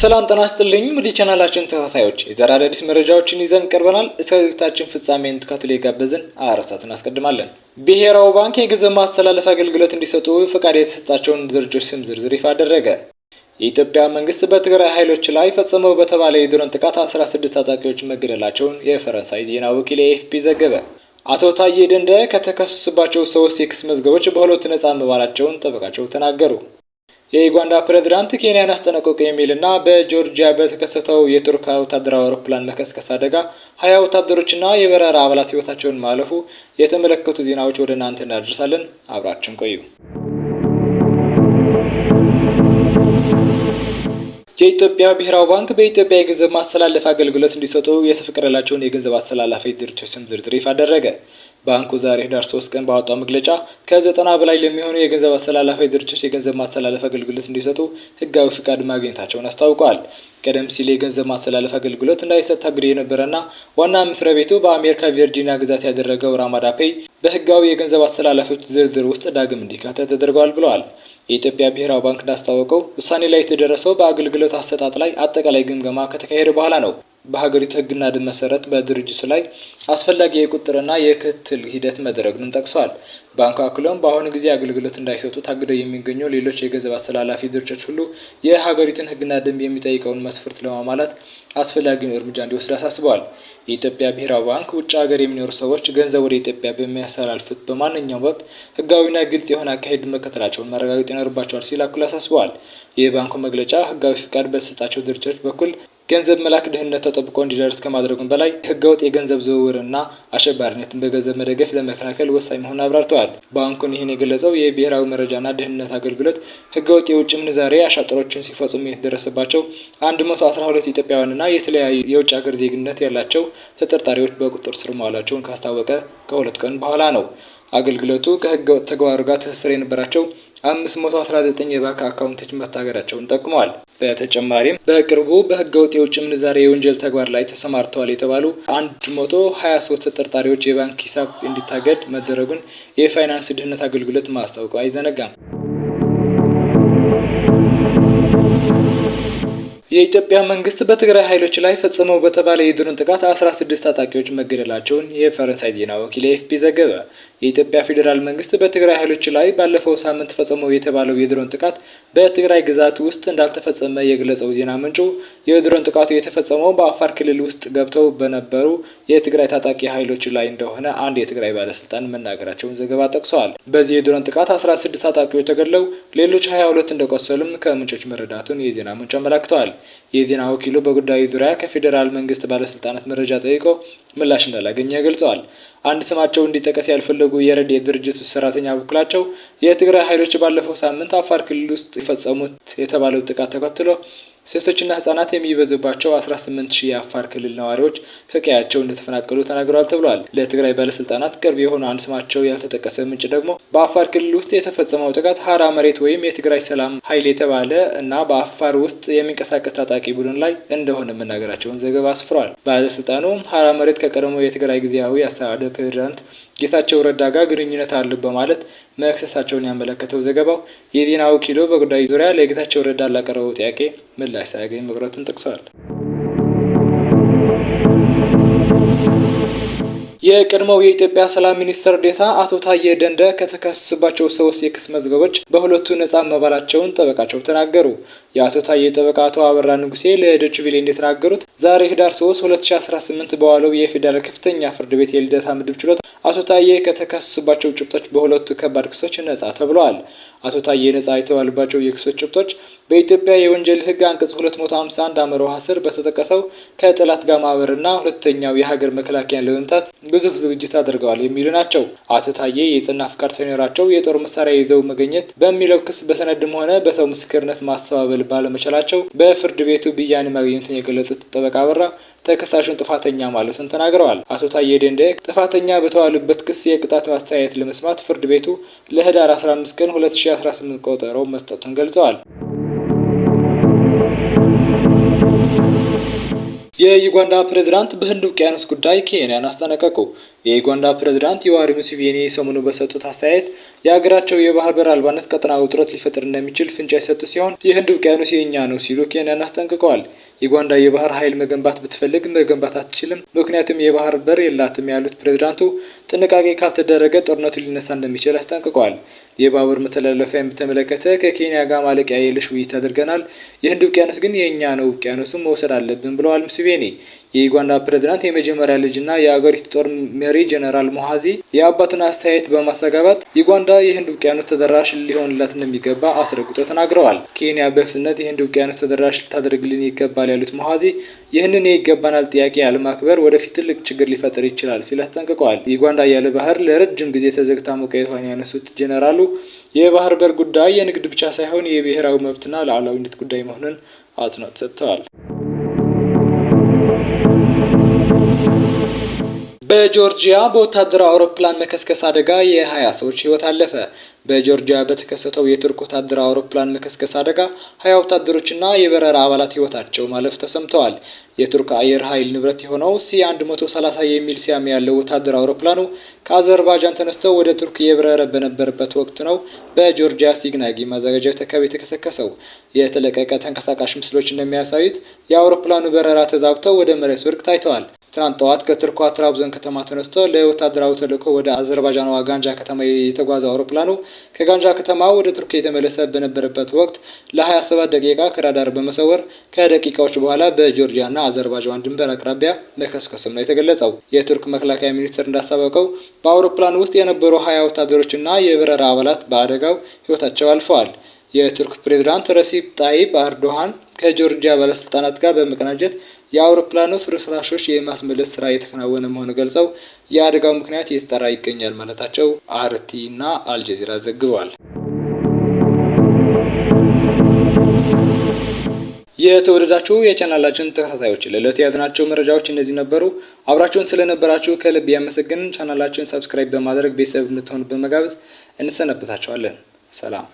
ሰላም ጤና ይስጥልኝ። ወደ ቻናላችን ተከታታዮች የዛሬ አዳዲስ መረጃዎችን ይዘን ቀርበናል። እስከ ዝግጅታችን ፍጻሜ እንድትከታተሉ የጋበዝን አርዕስታት እናስቀድማለን። ብሔራዊ ባንክ የገንዘብ ማስተላለፍ አገልግሎት እንዲሰጡ ፈቃድ የተሰጣቸውን ድርጅቶች ስም ዝርዝር ይፋ አደረገ። የኢትዮጵያ መንግስት በትግራይ ኃይሎች ላይ ፈጸመው በተባለ የድሮን ጥቃት 16 ታጣቂዎች መገደላቸውን የፈረንሳይ ዜና ወኪል ኤኤፍፒ ዘገበ። አቶ ታዬ ደንደ ከተከሰሱባቸው ሶስት የክስ መዝገቦች በሁለቱ ነጻ መባላቸውን ጠበቃቸው ተናገሩ። የዩጋንዳ ፕሬዝዳንት ኬንያን አስጠነቀቁ የሚልና በጆርጂያ በተከሰተው የቱርክ ወታደራዊ አውሮፕላን መከስከስ አደጋ ሀያ ወታደሮችና የበረራ አባላት ህይወታቸውን ማለፉ የተመለከቱ ዜናዎች ወደ እናንተ እናደርሳለን። አብራችን ቆዩ። የኢትዮጵያ ብሔራዊ ባንክ በኢትዮጵያ የገንዘብ ማስተላለፍ አገልግሎት እንዲሰጡ የተፈቀደላቸውን የገንዘብ አስተላላፊ ድርጅቶች ስም ዝርዝር ይፋ አደረገ። ባንኩ ዛሬ ህዳር ሶስት ቀን ባወጣው መግለጫ ከዘጠና በላይ ለሚሆኑ የገንዘብ አስተላላፊ ድርጅቶች የገንዘብ ማስተላለፍ አገልግሎት እንዲሰጡ ህጋዊ ፍቃድ ማግኘታቸውን አስታውቋል። ቀደም ሲል የገንዘብ ማስተላለፍ አገልግሎት እንዳይሰጥ ታግዶ የነበረና ዋና መስሪያ ቤቱ በአሜሪካ ቨርጂኒያ ግዛት ያደረገው ራማዳ ፔይ በህጋዊ የገንዘብ አስተላላፊዎች ዝርዝር ውስጥ ዳግም እንዲካተት ተደርጓል ብለዋል። የኢትዮጵያ ብሔራዊ ባንክ እንዳስታወቀው ውሳኔ ላይ የተደረሰው በአገልግሎት አሰጣጥ ላይ አጠቃላይ ግምገማ ከተካሄደ በኋላ ነው። በሀገሪቱ ህግና ደንብ መሰረት በድርጅቱ ላይ አስፈላጊ የቁጥርና የክትትል ሂደት መደረግንም ጠቅሰዋል። ባንኩ አክለውም በአሁኑ ጊዜ አገልግሎት እንዳይሰጡ ታግደው የሚገኙ ሌሎች የገንዘብ አስተላላፊ ድርጅቶች ሁሉ የሀገሪቱን ህግና ደንብ የሚጠይቀውን መስፈርት ለማሟላት አስፈላጊውን እርምጃ እንዲወስድ አሳስበዋል። የኢትዮጵያ ብሔራዊ ባንክ ውጭ ሀገር የሚኖሩ ሰዎች ገንዘብ ወደ ኢትዮጵያ በሚያስተላልፉት በማንኛውም ወቅት ህጋዊና ግልጽ የሆነ አካሄድ መከተላቸውን መረጋገጥ ይኖርባቸዋል ሲል አክሎ አሳስበዋል። የባንኩ መግለጫ ህጋዊ ፍቃድ በተሰጣቸው ድርጅቶች በኩል ገንዘብ መላክ ድህነት ተጠብቆ እንዲደርስ ከማድረጉም በላይ ህገወጥ የገንዘብ ዝውውርና አሸባሪነትን በገንዘብ መደገፍ ለመከላከል ወሳኝ መሆኑን አብራርተዋል። ባንኩን ይህን የገለጸው የብሔራዊ መረጃና ደህንነት አገልግሎት ህገወጥ የውጭ ምንዛሬ አሻጥሮችን ሲፈጽሙ የተደረሰባቸው 112 ኢትዮጵያውያንና የተለያዩ የውጭ ሀገር ዜግነት ያላቸው ተጠርጣሪዎች በቁጥር ስር መዋላቸውን ካስታወቀ ከሁለት ቀን በኋላ ነው። አገልግሎቱ ከህገወጥ ተግባሩ ጋር ትስስር የነበራቸው 519 የባንክ አካውንቶች መታገዳቸውን ጠቁመዋል። በተጨማሪም በቅርቡ በህገ ወጥ የውጭ ምንዛሬ የወንጀል ተግባር ላይ ተሰማርተዋል የተባሉ 123 ተጠርጣሪዎች የባንክ ሂሳብ እንዲታገድ መደረጉን የፋይናንስ ድህነት አገልግሎት ማስታወቁ አይዘነጋም። የኢትዮጵያ መንግስት በትግራይ ኃይሎች ላይ ፈጽመው በተባለ የድሮን ጥቃት 16 ታጣቂዎች መገደላቸውን የፈረንሳይ ዜና ወኪል ኤፍፒ ዘገበ። የኢትዮጵያ ፌዴራል መንግስት በትግራይ ኃይሎች ላይ ባለፈው ሳምንት ፈጸመው የተባለው የድሮን ጥቃት በትግራይ ግዛት ውስጥ እንዳልተፈጸመ የገለጸው ዜና ምንጩ የድሮን ጥቃቱ የተፈጸመው በአፋር ክልል ውስጥ ገብተው በነበሩ የትግራይ ታጣቂ ኃይሎች ላይ እንደሆነ አንድ የትግራይ ባለስልጣን መናገራቸውን ዘገባ ጠቅሰዋል። በዚህ የድሮን ጥቃት 16 ታጣቂዎች ተገድለው ሌሎች 22 እንደቆሰሉም ከምንጮች መረዳቱን የዜና ምንጭ አመላክተዋል። የዜና ወኪሉ በጉዳዩ ዙሪያ ከፌዴራል መንግስት ባለስልጣናት መረጃ ጠይቆ ምላሽ እንዳላገኘ ገልጸዋል። አንድ ስማቸው እንዲጠቀስ ያልፈለጉ ያደረጉ የረድኤት ድርጅት ሰራተኛ በኩላቸው የትግራይ ኃይሎች ባለፈው ሳምንት አፋር ክልል ውስጥ የፈጸሙት የተባለው ጥቃት ተከትሎ ሴቶችና ህጻናት የሚበዙባቸው 18 ሺህ የአፋር ክልል ነዋሪዎች ከቀያቸው እንደተፈናቀሉ ተናግረዋል ተብሏል። ለትግራይ ባለስልጣናት ቅርብ የሆኑ አንድ ስማቸው ያልተጠቀሰ ምንጭ ደግሞ በአፋር ክልል ውስጥ የተፈጸመው ጥቃት ሀራ መሬት ወይም የትግራይ ሰላም ኃይል የተባለ እና በአፋር ውስጥ የሚንቀሳቀስ ታጣቂ ቡድን ላይ እንደሆነ መናገራቸውን ዘገባ አስፍሯል። ባለስልጣኑ ሀራ መሬት ከቀድሞ የትግራይ ጊዜያዊ አስተዳደር ፕሬዚዳንት ጌታቸው ረዳ ጋር ግንኙነት አሉ በማለት መክሰሳቸውን ያመለከተው ዘገባው የዜና ወኪሉ በጉዳዩ ዙሪያ ለጌታቸው ረዳ ላቀረበው ጥያቄ ምላሽ ሳያገኝ መቅረቱን ጠቅሰዋል። የቀድሞው የኢትዮጵያ ሰላም ሚኒስትር ዴታ አቶ ታዬ ደንደ ከተከሰሱባቸው ሶስት የክስ መዝገቦች በሁለቱ ነጻ መባላቸውን ጠበቃቸው ተናገሩ። የአቶ ታዬ ጠበቃ አቶ አበራ ንጉሴ ለዶች ቪሌ እንደተናገሩት ዛሬ ህዳር 3 2018 በዋለው የፌዴራል ከፍተኛ ፍርድ ቤት የልደታ ምድብ ችሎት አቶ ታዬ ከተከሰሱባቸው ጭብጦች በሁለቱ ከባድ ክሶች ነጻ ተብለዋል። አቶ ታዬ ነጻ የተባሉባቸው የክሶች ጭብጦች በኢትዮጵያ የወንጀል ህግ አንቀጽ 251 አመረ ውሃ ስር በተጠቀሰው ከጠላት ጋር ማህበርና ሁለተኛው የሀገር መከላከያን ለመምታት ግዙፍ ዝግጅት አድርገዋል የሚሉ ናቸው። አቶ ታዬ የጽና ፍቃድ ሳይኖራቸው የጦር መሳሪያ ይዘው መገኘት በሚለው ክስ በሰነድም ሆነ በሰው ምስክርነት ማስተባበል መቀበል ባለመቻላቸው በፍርድ ቤቱ ብያኔ ማግኘቱን የገለጹት ጠበቃ አበራ ተከሳሹን ጥፋተኛ ማለቱን ተናግረዋል። አቶ ታዬ ደንደአ ጥፋተኛ በተባሉበት ክስ የቅጣት ማስተያየት ለመስማት ፍርድ ቤቱ ለህዳር 15 ቀን 2018 ቆጠሮ መስጠቱን ገልጸዋል። የዩጋንዳ ፕሬዝዳንት በህንድ ውቅያኖስ ጉዳይ ኬንያን አስጠነቀቁ። የዩጋንዳ ፕሬዝዳንት ዮዋሪ ሙሴቬኒ ሰሞኑ በሰጡት አስተያየት የሀገራቸው የባህር በር አልባነት ቀጠና ውጥረት ሊፈጥር እንደሚችል ፍንጭ የሰጡ ሲሆን የህንድ ውቅያኖስ የእኛ ነው ሲሉ ኬንያን አስጠንቅቀዋል። ዩጋንዳ የባህር ኃይል መገንባት ብትፈልግ መገንባት አትችልም፣ ምክንያቱም የባህር በር የላትም ያሉት ፕሬዝዳንቱ ጥንቃቄ ካልተደረገ ጦርነቱ ሊነሳ እንደሚችል አስጠንቅቀዋል። የባቡር መተላለፊያን በተመለከተ ከኬንያ ጋር ማለቂያ የለሽ ውይይት አድርገናል። የህንድ ውቅያኖስ ግን የእኛ ነው፣ ውቅያኖስም መውሰድ አለብን ብለዋል ሙሴቬኒ የዩጋንዳ ፕሬዝዳንት የመጀመሪያ ልጅና የአገሪቱ ጦር መሪ ጀኔራል ሞሃዚ የአባቱን አስተያየት በማስተጋባት ዩጋንዳ የህንድ ውቅያኖስ ተደራሽ ሊሆንላት እንደሚገባ አስረግጦ ተናግረዋል። ኬንያ በፍጥነት የህንድ ውቅያኖስ ተደራሽ ልታደርግልን ይገባል ያሉት ሙሀዚ ይህንን የይገባናል ጥያቄ ያለማክበር ወደፊት ትልቅ ችግር ሊፈጥር ይችላል ሲል አስጠንቅቀዋል። ዩጋንዳ ያለ ባህር ለረጅም ጊዜ ተዘግታ መቆየቷን ያነሱት ጀኔራሉ የባህር በር ጉዳይ የንግድ ብቻ ሳይሆን የብሔራዊ መብትና ሉዓላዊነት ጉዳይ መሆኑን አጽንኦት ሰጥተዋል። thank you በጆርጂያ በወታደራዊ አውሮፕላን መከስከስ አደጋ የ20 ሰዎች ህይወት አለፈ። በጆርጂያ በተከሰተው የቱርክ ወታደራዊ አውሮፕላን መከስከስ አደጋ 20 ወታደሮችና የበረራ አባላት ህይወታቸው ማለፍ ተሰምተዋል። የቱርክ አየር ኃይል ንብረት የሆነው ሲ130 የሚል ሲያም ያለው ወታደራዊ አውሮፕላኑ ከአዘርባይጃን ተነስተው ወደ ቱርክ የበረረ በነበረበት ወቅት ነው በጆርጂያ ሲግናጊ ማዘጋጃ አካባቢ የተከሰከሰው። የተለቀቀ ተንቀሳቃሽ ምስሎች እንደሚያሳዩት የአውሮፕላኑ በረራ ተዛብተው ወደ መሬት ወድቅ ታይተዋል። ትናንት ጠዋት ከቱርኳ ትራብዘን ከተማ ተነስቶ ለወታደራዊ ተልእኮ ወደ አዘርባይጃኗ ጋንጃ ከተማ የተጓዘው አውሮፕላኑ ከጋንጃ ከተማ ወደ ቱርክ የተመለሰ በነበረበት ወቅት ለ27 ደቂቃ ከራዳር በመሰወር ከደቂቃዎች በኋላ በጆርጂያና አዘርባጃን ድንበር አቅራቢያ መከስከሱም ነው የተገለጸው። የቱርክ መከላከያ ሚኒስቴር እንዳስታወቀው በአውሮፕላን ውስጥ የነበሩ ሀያ ወታደሮችና የበረራ አባላት በአደጋው ህይወታቸው አልፈዋል። የቱርክ ፕሬዝዳንት ረሲፕ ጣይብ አርዶሃን ከጆርጂያ ባለስልጣናት ጋር በመቀናጀት የአውሮፕላኑ ፍርስራሾች የማስመለስ ስራ የተከናወነ መሆኑ ገልጸው የአደጋው ምክንያት እየተጠራ ይገኛል ማለታቸው አርቲ እና አልጀዚራ ዘግበዋል። የተወደዳችሁ የቻናላችን ተከታታዮች ለዕለቱ የያዝናቸው መረጃዎች እነዚህ ነበሩ። አብራችሁን ስለነበራችሁ ከልብ ያመሰግንን። ቻናላችን ሰብስክራይብ በማድረግ ቤተሰብ እንድትሆኑ በመጋበዝ እንሰነበታቸዋለን። ሰላም